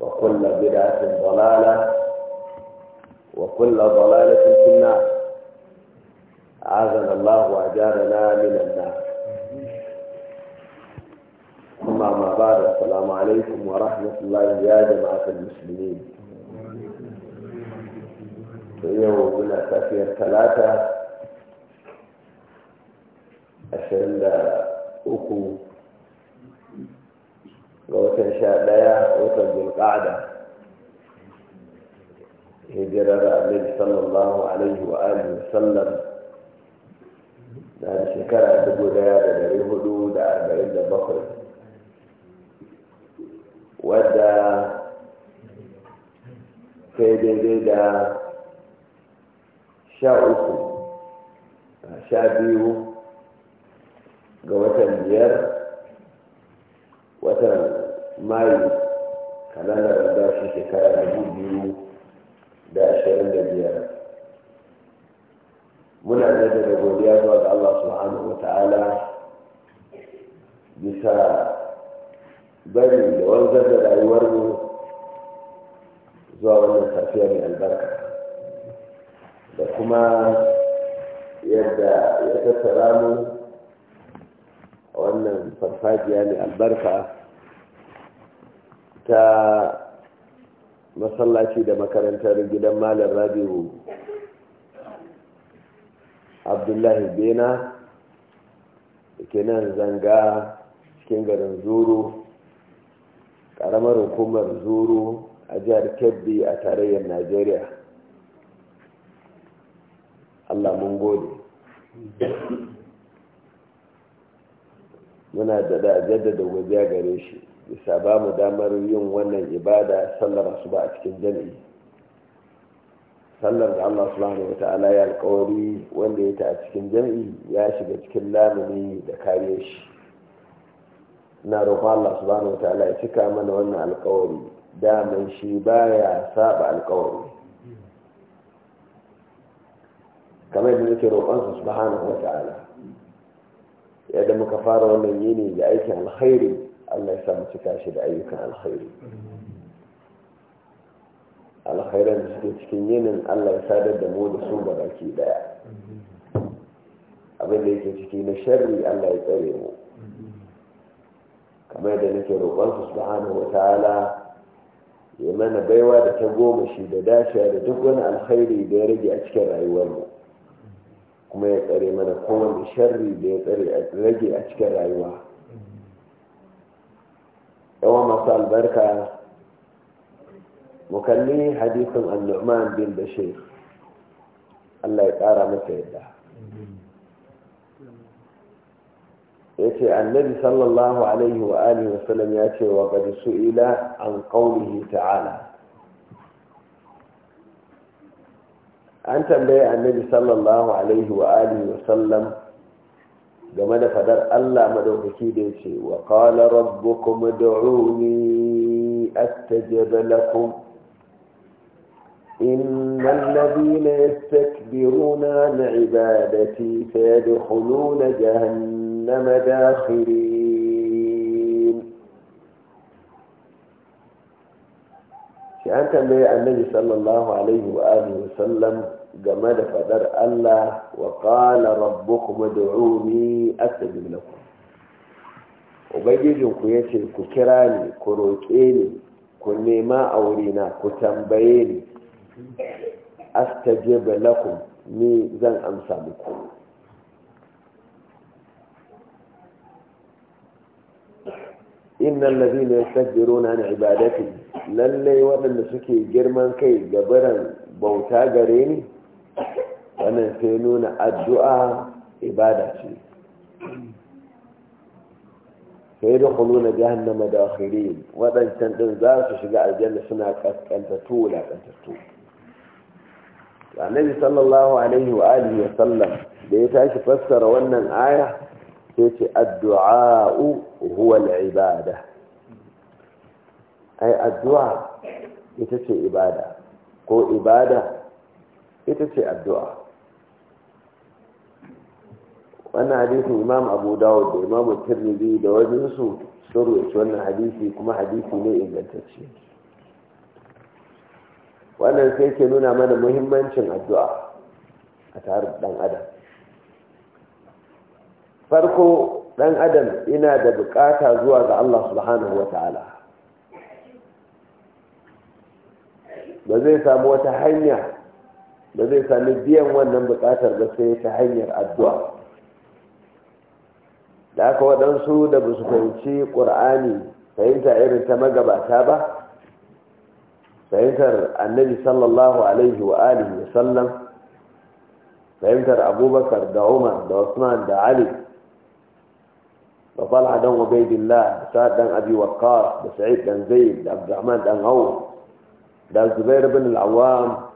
وكل بدعة ضلالة وكل ضلالة في النار عاذنا الله وأجارنا من النار ثم ما بعد السلام عليكم ورحمة الله يا جماعة المسلمين يوم من أسافير ثلاثة أشهر أخو ga watan sha ɗaya watan zulƙa'ada hijirar alaihi sallallahu alaihi wa alihi sallam na shekara dubu ɗaya da dari hudu da arba'in da bakwai wadda sai daidai da sha uku sha biyu ga watan biyar watan mayu kalandar shi shekara dubu biyu da ashirin da biyar muna da daga godiya zuwa ga Allah subhanahu ta'ala bisa bari da wanzar da rayuwarmu zuwa wannan safiya mai albarka da kuma yadda ya tattara mu wannan farfajiya mai albarka ta masallaci da makarantar gidan malam rabiu abdullahi bena ke nan zanga cikin garin zuru ƙaramar hukumar zuru a jihar kebbi a tarayyar najeriya allah mun gode muna da jaddada a gare shi bisa ba mu damar yin wannan ibada sallar su ba a cikin jami'i sallar da Allah subhanahu wa ta'ala ya alkawari wanda ya ta a cikin jami'i ya shiga cikin lamuni da kare shi na roƙon Allah subhanahu wa ta'ala ya cika mana wannan alkawari daman shi baya saba alkawari kamar yadda nake roƙonsa subhanahu wa ta'ala yadda muka fara wannan yini da aikin alkhairi Allah ya samu cika shi da ayyukan alkhairi alkhairan da suke cikin yinin Allah ya sadar da mu da su ga baki daya abin da yake ciki na sharri Allah ya tsare mu kamar da nake roƙon su subhanahu ta'ala ya mana baiwa da ta goma shi da dasha da duk wani alkhairi da ya rage a cikin rayuwar mu kuma ya tsare mana kowane sharri da ya tsare rage a cikin rayuwa yawan masu albarka mu kalli al annu'man bin bashir Allah ya ƙara masa yadda ya ce annabi sallallahu alaihi wa alihi wasallam ya ce wa gadi su'ila an ƙaunihi ta'ala an tambaye annabi sallallahu alaihi wa alihi wasallam game da fadar Allah madaukaki da yace wa qala rabbukum ud'uni astajib lakum innal ladhina yastakbiruna an ibadati sayadkhuluna jahannama dakhirin shi an tambaye annabi sallallahu alaihi wa alihi wa sallam game da fadar Allah wa qala rabbukum ud'uni astajib lakum ubangijin ku yace ku kira ni ku roƙe ne ku nema aure na ku tambaye ni astajib lakum ni zan amsa muku innan lafi ne sajiro na na ibadati lallai waɗanda suke girman kai gabaran bauta gare ni wannan sai nuna addu'a ibada ce sai da kuluna jahannama da akhirin waɗancan ɗin za su shiga aljanna suna kaskantattu wulaƙantattu annabi sallallahu alaihi wa alihi wa sallam da ya tashi fassara wannan aya sai ce addu'a huwa al’ibada ibada ai addu'a ita ce ibada ko ibada ita ce addu'a wannan hadisi imam abu dawud da imam tirmidhi da wajen su rubuci wannan hadisi kuma hadisi ne ingantacce wannan sai ke nuna mana muhimmancin addu'a a tare da ɗan adam farko ɗan adam yana da bukata zuwa ga Allah subhanahu wa ta'ala ba zai samu wata hanya ba zai sami biyan wannan bukatar ba sai ta hanyar addu'a da aka waɗansu da ba su fahimci ƙur'ani fahimta irin ta magabata ba fahimtar annabi sallallahu alaihi wa alihi wa sallam fahimtar abubakar da umar da usman da ali da falha dan ubaidillah da sa'ad dan abi waqqas da sa'id dan zaid da abdurrahman dan Hau da zubair bin al-awwam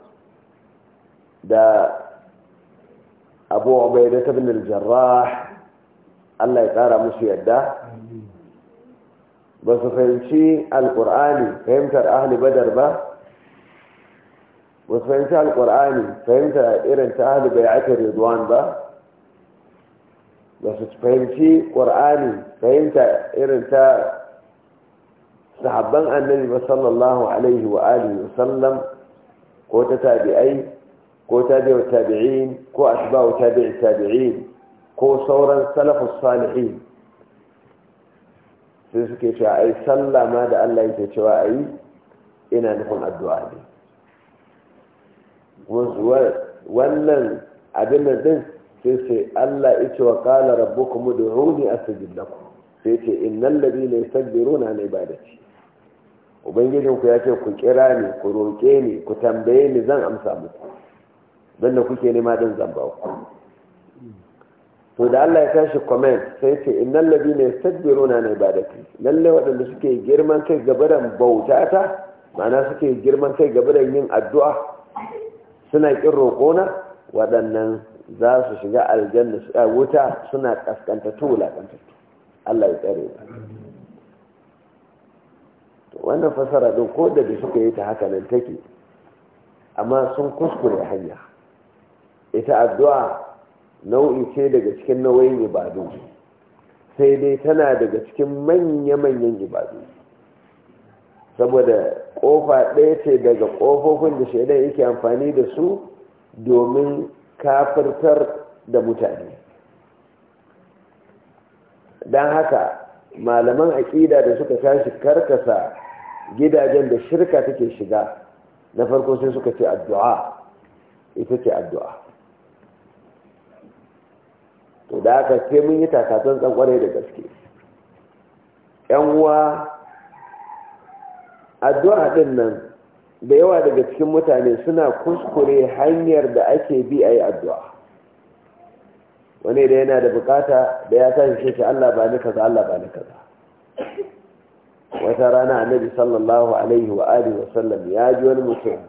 da abu ubaidah bin al Allah ya ƙara musu yadda ba su fahimci alƙur'ani fahimtar ahli badar ba ba su fahimci alƙur'ani fahimtar irin ta ahli bai ake rizwan ba ba su fahimci ƙur'ani fahimta irin ta sahabban annabi ba sallallahu alaihi wa alihi wa sallam ko ta tabi'ai ko tabi'u tabi'in ko asba'u tabi'i tabi'in ko sauran salafu salihi sai suke cewa ai sallah ma da Allah yake cewa ai ina nufin addu'a ne wannan abin da din sai ce Allah ita wa qala rabbukum ud'uni astajib lakum sai ce innal ladina yastakbiruna an ibadati ubangijin ku yace ku kira ni ku roke ni ku tambaye ni zan amsa muku dan da kuke nema din zan ba ku to da Allah ya tashi comment sai ce innal ladina yastakbiruna an ibadati lalle wadanda suke girman kai gabaran bautata ma'ana suke girman kai gabaran yin addu'a suna kin roƙona waɗannan za su shiga aljanna su wuta suna to lakanta Allah ya tsare to wannan fasara din ko da suka yi ta haka nan take amma sun kuskure hanya ita addu'a nau'i ce daga cikin nauyin ibadu sai dai tana daga cikin manya-manyan ibadu saboda kofa ɗaya ce daga ƙofofin da shaidan yake amfani da su domin kafirtar da mutane don haka malaman aƙida da suka tashi karkasa gidajen da shirka take shiga na farko sai suka ce addu'a ita ce addu'a to da aka ce mun yi takatsan tsankwarai da gaske yan uwa addu'a din nan da yawa daga cikin mutane suna kuskure hanyar da ake bi a yi addu'a wani da yana da bukata da ya tashi shi Allah ba ni kaza Allah ba ni kaza wata rana annabi sallallahu alaihi wa alihi wa sallam ya ji wani mutum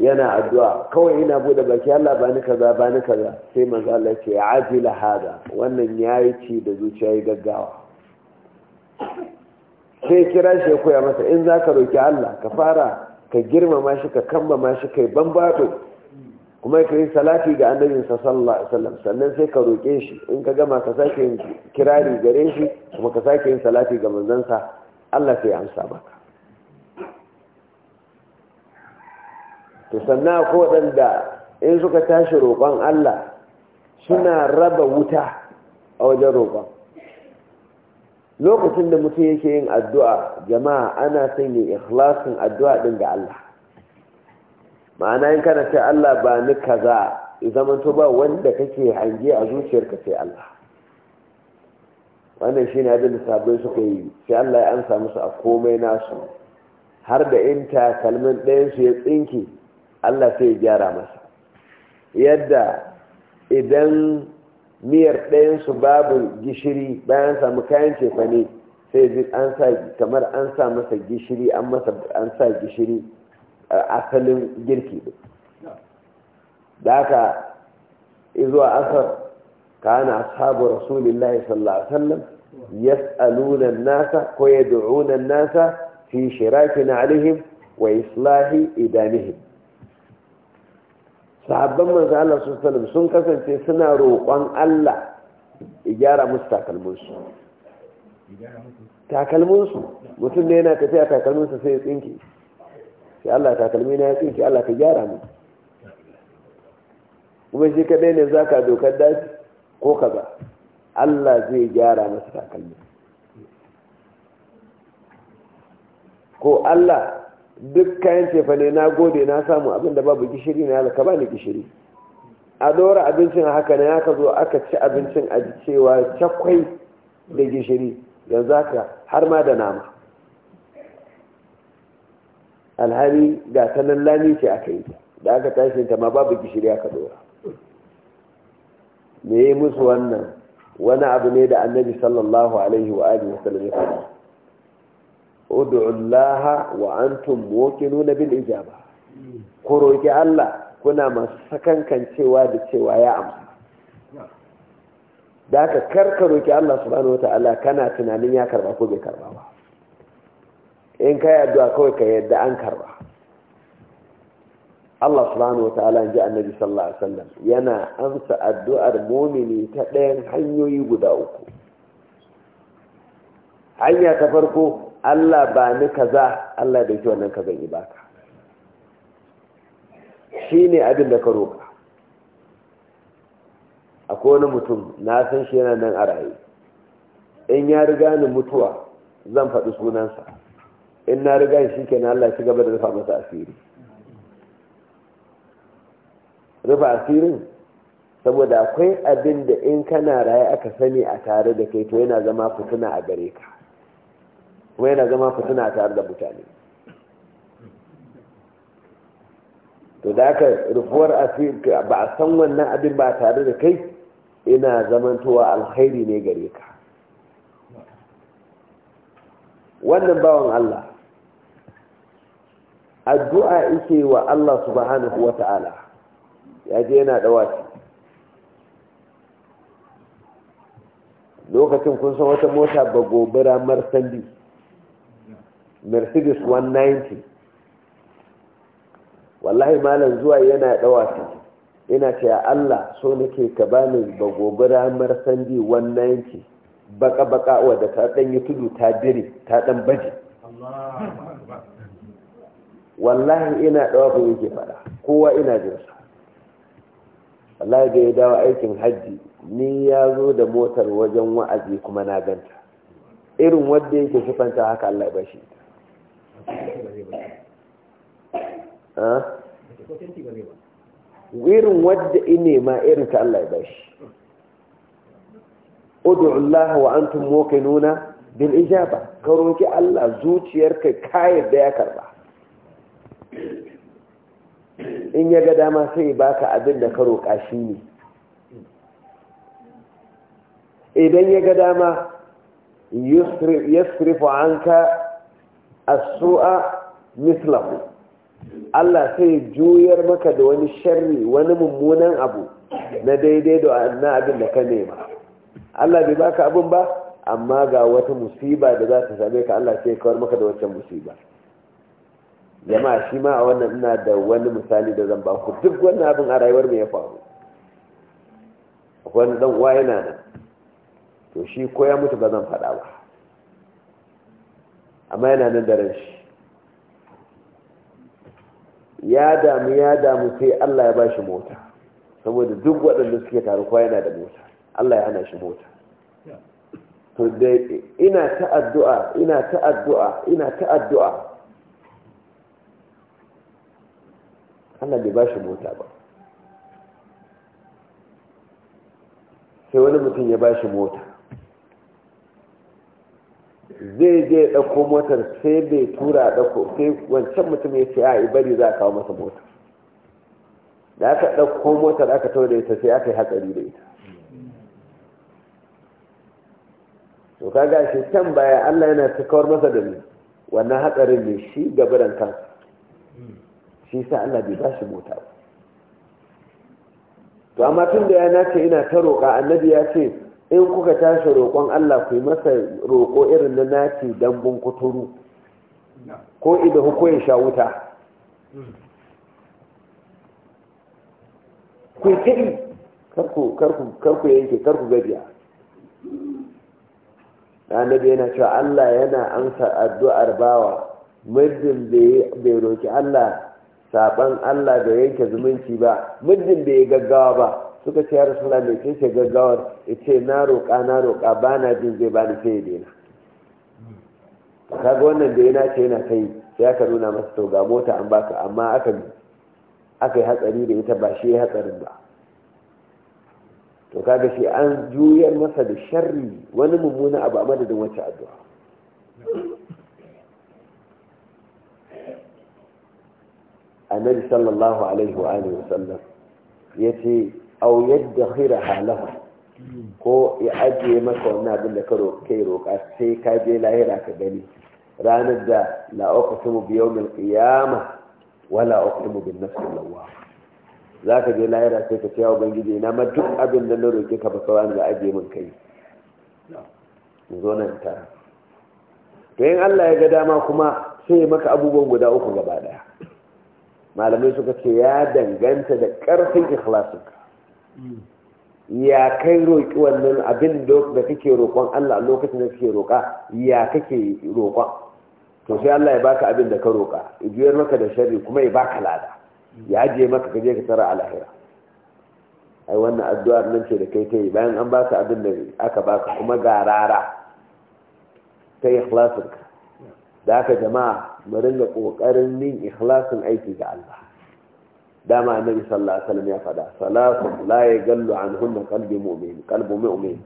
yana addu'a kawai ina bude baki Allah ba ni kaza ba ni kaza sai manzo Allah ce ajila hada wannan yayi ci da zuciya yi gaggawa sai kira shi koya masa in zaka roki Allah ka fara ka girmama shi ka kammama shi kai bambado kuma ka yi salati ga annabi sallallahu alaihi wasallam sannan sai ka roke shi in ka gama ka sake kirari gare shi kuma ka sake yin salati ga manzansa Allah sai ya amsa baka. to sannan ko waɗanda in suka tashi roƙon Allah suna raba wuta a wajen roƙon lokacin da mutum yake yin addu'a jama'a ana son yin ikhlasin addu'a ɗin ga Allah ma'ana in kana ce Allah ba ni kaza zaman to ba wanda kake hange a zuciyarka sai Allah wannan shi ne abin da sabbin suka yi sai Allah ya amsa musu a komai nasu har da in takalmin ɗayansu ya tsinke Allah sai ya gyara masa yadda idan miyar ɗayansu babu gishiri bayan samu kayan cefane sai ji an sa kamar an sa masa gishiri an masa an sa gishiri asalin girki din da haka izuwa asar kana ashabu rasulillahi sallallahu alaihi wasallam yas'aluna an-nasa ko yad'una an-nasa fi shirakin alaihim wa islahi idanihim sahabban manzo Allah sallallahu sun kasance suna roƙon Allah ya gyara musu takalminsu takalminsu mutum ne yana tafiya takalminsa sai ya tsinke sai Allah takalmi na ya tsinke Allah ka gyara mu kuma shi kadai ne zaka dokar daji ko kaza Allah zai gyara masa takalmi ko Allah duk kayan cefane na gode na samu abinda babu gishiri na yalaka ba ni gishiri a dora abincin haka na ya ka zo aka ci abincin a cewa cakwai da gishiri yanzu haka har ma da nama alhali ga ta nan lami ce aka yi da aka tashi ta ma babu gishiri aka dora me yi musu wannan wani abu ne da annabi sallallahu alaihi wa wasallam ya faɗa Laha wa antum muqinuna bil ijaba ko roki Allah kuna masu cewa da cewa ya amsa da ka karka roki Allah subhanahu wataala kana tunanin ya karba ko bai karba ba in ka yi addu'a kawai ka yadda an karba Allah subhanahu wa ta'ala ji annabi sallallahu alaihi wasallam yana amsa addu'ar mumini ta ɗayan hanyoyi guda uku hanya ta farko Allah ba ni kaza Allah da yake wannan kazan yi ba shi shine abin da ka roka akwai wani mutum na san shi yana nan a raye in ya riga ni mutuwa zan faɗi sunansa in na riga shi kenan Allah shi gaba da rufa masa asiri rufa asirin saboda akwai abin da in kana raye aka sani a tare da kai to yana zama fituna a gare ka kuma yana zama fitina tare da mutane to da aka rufuwar asiri ba a san wannan abin ba tare da kai ina zamantowa alkhairi ne gare ka wannan bawan Allah addu'a ike wa Allah subhanahu wa ta'ala ya je yana ɗawaci lokacin kun san wata mota ba gobara marsandi mercedes 190 wallahi malam zuwa yana dawa dawasa ina ce a allah so nake ka bani ba gobe ramar sandi 190 baka-baka wadda ta dan yi tudu ta dire ta dan baje wallahi ina dawa ku yake fada kowa ina jinsa wallahi da ya dawo aikin hajji ni ya zo da motar wajen wa'azi kuma na ganta irin wadda yake sifanta haka Allah ya bashi irin wadda ine ma irin ta Allah ya bashi ud'u Allah wa antum muqinuna bil ijaba ka roki Allah zuciyarka kayar da ya karba in ya ga dama sai baka abin da ka roka shi ne idan ya ga dama an anka asu'a sua mislahu Allah sai juyar maka da wani sharri wani mummunan abu na daidai da na abin da ka nema Allah bai baka abin ba amma ga wata musiba da za ta same ka Allah sai kawar maka da wancan musiba jama'a shi ma a wannan ina da wani misali da zan ba ku duk wannan abin a rayuwar mu ya faru wani dan uwa yana nan to shi ko ya mutu ba zan faɗa ba amma yana nan da ran shi ya damu ya damu sai Allah ya bashi mota saboda duk waɗanda suke taru kwa yana da mota Allah ya hana shi mota to dai ina ta addu'a ina ta addu'a ina ta addu'a Allah bai bashi mota ba sai wani mutum ya bashi mota zai je ya ɗauko motar sai bai tura ɗauko sai wancan mutum ya ce a bari za a kawo masa motar da aka ɗauko motar aka tau da ita sai aka yi hatsari da ita to kaga shi can baya Allah yana kawar masa da ni wannan hatsarin ne shi gabaran kan shi sa Allah bai ba shi mota ba to amma tun da ya nace ina ta roƙa annabi ya ce in kuka tashi roƙon Allah ku yi masa roƙo irin na naci dambun kuturu ko idan hukoyin sha wuta ku yi kiri karku yanke karku gajiya annabi yana cewa Allah yana amsa addu'ar bawa muddin bai roƙi Allah saɓan Allah da yanke zumunci ba muddin bai gaggawa ba suka ce ya rasulullah me ce ce gaggawar ya ce na roƙa na roƙa ba na jin zai bani sai ya dena kaga wannan da yana ce yana kai sai aka nuna masa to ga mota an baka amma aka aka yi hatsari da ita ba shi ya hatsarin ba to kaga shi an juyar masa da sharri wani mummuna abu a madadin wacce addu'a annabi sallallahu alaihi wa alihi ya ce au yadda khira halaha ko ya ajiye maka wannan abin da kai roƙa sai ka je lahira ka gani ranar da biyo mil ƙiyama wa qiyamah su mu bin lawa Za ka je lahira sai ka ce wa ubangiji na ma duk abin da na roƙe ka ba sauran da ajiye min kai zo nan ta to in Allah ya ga dama kuma sai maka abubuwan guda uku gaba daya malamai suka ce ya danganta da ƙarfin ikhlasinka ya kai roƙi wannan abin da kake roƙon Allah lokacin da kake roƙa ya kake roƙon to sai Allah ya baka abin da ka roƙa juyar maka da sharri kuma ya baka lada ya ajiye maka ka je ka tara alahira ai wannan addu'ar nan ce da kai kai bayan an baka abin da aka baka kuma ga rara ta ikhlasinka da aka jama'a mu ringa kokarin yin ikhlasin aiki ga Allah dama annabi sallallahu alaihi wasallam ya faɗa salatu la yagallu anhunna qalbi mu'min qalbu mu'min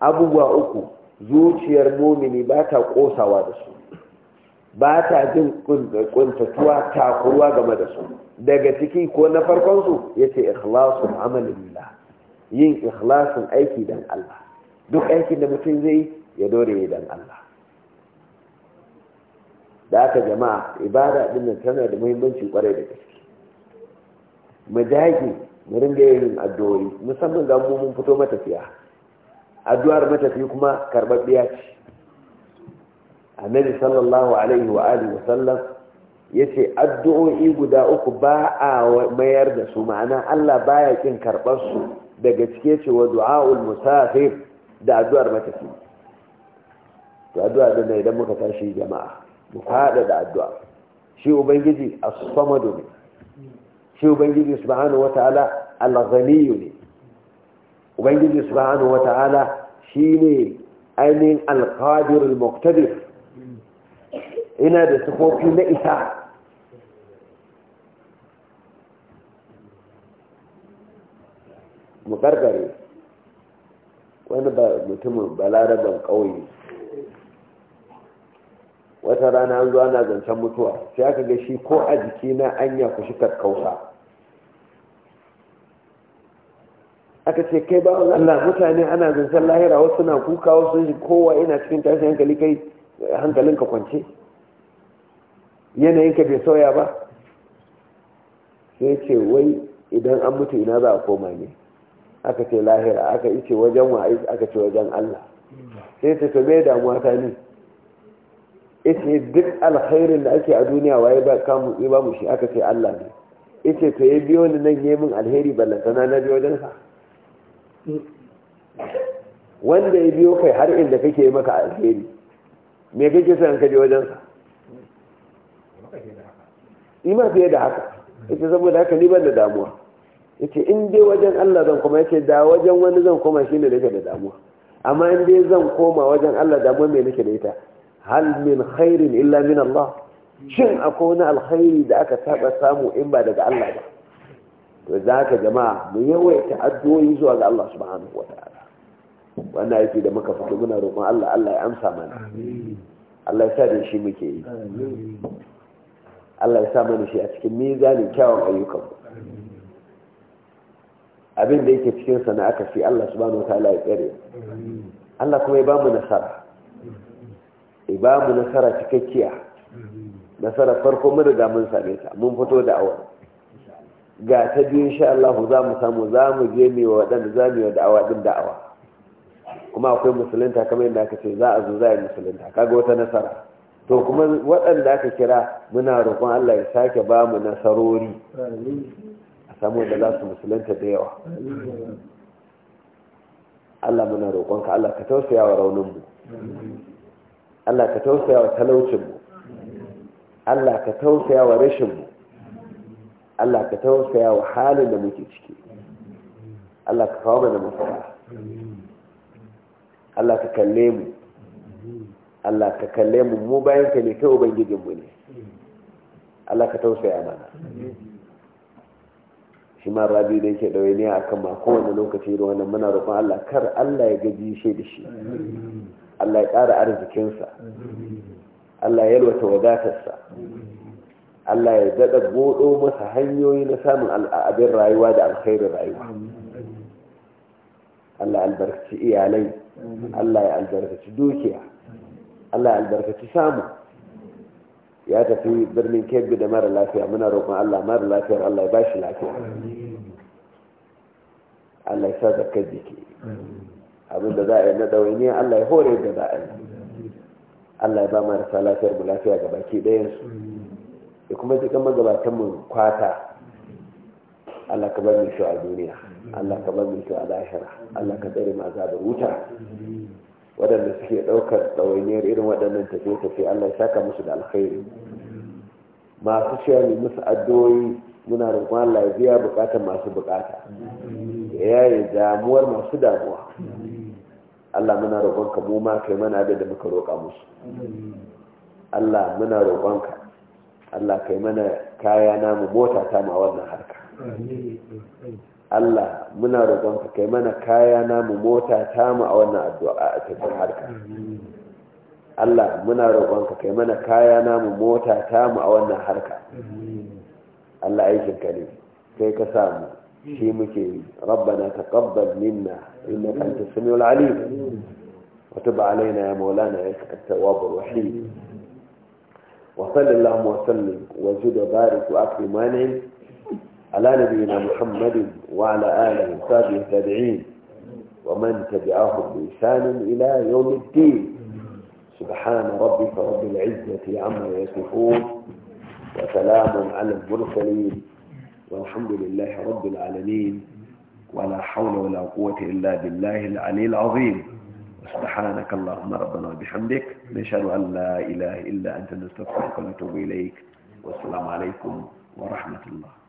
abubuwa uku zuciyar mumini ba ta kosawa da su ba ta jin kuntatuwa takuruwa game da su daga ciki ko na farkon su yace ikhlasu amalin lillah yin ikhlasin aiki dan Allah duk aikin da mutum zai ya dore dan Allah da aka jama'a ibada din tana da muhimmanci kwarai da gaske mu dage mu ringa yin addu'o'i musamman ga mu mun fito matafiya addu'ar matafi kuma karbabbiya ce annabi sallallahu alaihi wa alihi wasallam yace addu'o'i guda uku ba a mayar da su ma'ana Allah baya kin karbar su daga cike ce wa du'aul musafir da addu'ar matafi to addu'a da idan muka tashi jama'a mu fada da addu'a shi ubangiji as-samadu وبنجي سبحانه وتعالى الغني وبنجي سبحانه وتعالى شيني أمين القادر المقتدر إن هذا سخوك نئسا مقرقري وأنا بمتم بلارة قوي wata rana an zuwa na zancen mutuwa sai aka ga shi ko a jikina an ya kushi kakkausa aka ce kai ba Allah mutane ana zancen lahira wasu na kuka wasu kowa ina cikin tashin hankali kai hankalin ka kwance ka bai sauya ba sai ce wai idan an mutu ina za a koma ne aka ce lahira aka ice wajen wa aka ce wajen Allah sai ce to bai damuwa ta ne ita duk alkhairin da ake a duniya waye ba kamun ba mu shi aka ce Allah ne ita to ya biyo ni nan yi min alheri ballanta na biyo dan sa wanda ya biyo kai har inda kake yi maka alheri me kake son ka je wajen sa ima fiye da haka ita saboda haka ni ban da damuwa yace in dai wajen Allah zan kuma yace da wajen wani zan koma shine nake da damuwa amma in dai zan koma wajen Allah damuwa me nake da ita hal min khairin illa min Allah shin akwai wani alkhairi da aka taba samu in ba daga Allah ba to za ka jama'a mu yawaita addu'o'i zuwa ga Allah subhanahu wataala wannan yake da muka fito muna roƙon Allah Allah ya amsa mana Allah ya sa da shi muke yi Allah ya sa mana shi a cikin mizanin kyawun ayyukan abin da yake cikin sana'a ka fi Allah subhanahu wataala ya tsare Allah kuma ya ba mu nasara ibamu eh, nasara cikakkiya nasara farko mun riga mun same ta mun fito da awa ga ta biyu insha Allah za mu samu za mu je mai waɗanda za mu yi da'awa ɗin da'awa kuma akwai musulunta kamar yadda aka ce za a zo za a yi musulunta kaga wata nasara to kuma waɗanda aka kira muna roƙon Allah ya sake ba mu nasarori a samu da za su musulunta da yawa Allah muna roƙonka Allah ka tausaya wa raunin mu Allah ka tausaya wa talaucinmu Allah ka tausaya wa rashinmu Allah ka tausaya wa halin da muke ciki Allah ka kawo mana mafara Allah ka kalle mu Allah ka kalle mu mu bayan ka ne kai ubangijinmu ne Allah ka tausaya mana shi ma rabi da yake ɗaure ne a kan ma kowane lokaci da wannan muna roƙon Allah kar Allah ya gaji shi da shi Allah ya ƙara arzikinsa Allah ya yalwata wadatarsa Allah ya daɗa buɗo masa hanyoyi na samun abin rayuwa da alkhairin rayuwa Allah albarkaci iyalai Allah ya albarkaci dukiya Allah ya albarkaci samu ya tafi birnin kebbi da mara lafiya muna roƙon Allah mara lafiyar Allah ya ba shi lafiya Allah ya sa zakar jiki abin da za a yi na ɗawainiya Allah ya hore da za a yi Allah ya ba mu rasa lafiyar mu lafiya ga baki ɗayan su da kuma kan magabatan mu kwata Allah ka bar mu shi a duniya Allah ka bar mu shi a lahira Allah ka tsare mu azabar wuta waɗanda suke ɗaukar ɗawainiyar irin waɗannan tafiye-tafiye Allah ya saka musu da alkhairi masu shayar musu addu'o'i muna roƙon Allah ya biya bukatar masu bukata ya yi damuwar masu damuwa Allah muna roƙonka mu ma kai mana abin da muka roƙa musu Allah muna roƙonka Allah kai mana kaya namu mota ta ma wannan harka Allah muna roƙonka kai mana kaya namu mota ta ma a wannan addu'a a cikin harka Allah muna roƙonka kai mana kaya namu mota ta ma a wannan harka Allah aikin ka ne kai ka samu في مكين ربنا تقبل منا إنك أنت السميع العليم وتب علينا يا مولانا إنك التواب الرحيم وصل اللهم وسلم وزد وبارك وأكل مانع على نبينا محمد وعلى آله وصحبه التابعين ومن تبعه بلسان إلى يوم الدين سبحان ربك رب العزة عما يصفون وسلام على المرسلين والحمد لله رب العالمين ولا حول ولا قوة إلا بالله العلي العظيم سبحانك اللهم ربنا وبحمدك نشهد أن لا إله إلا أنت نستغفرك ونتوب إليك والسلام عليكم ورحمة الله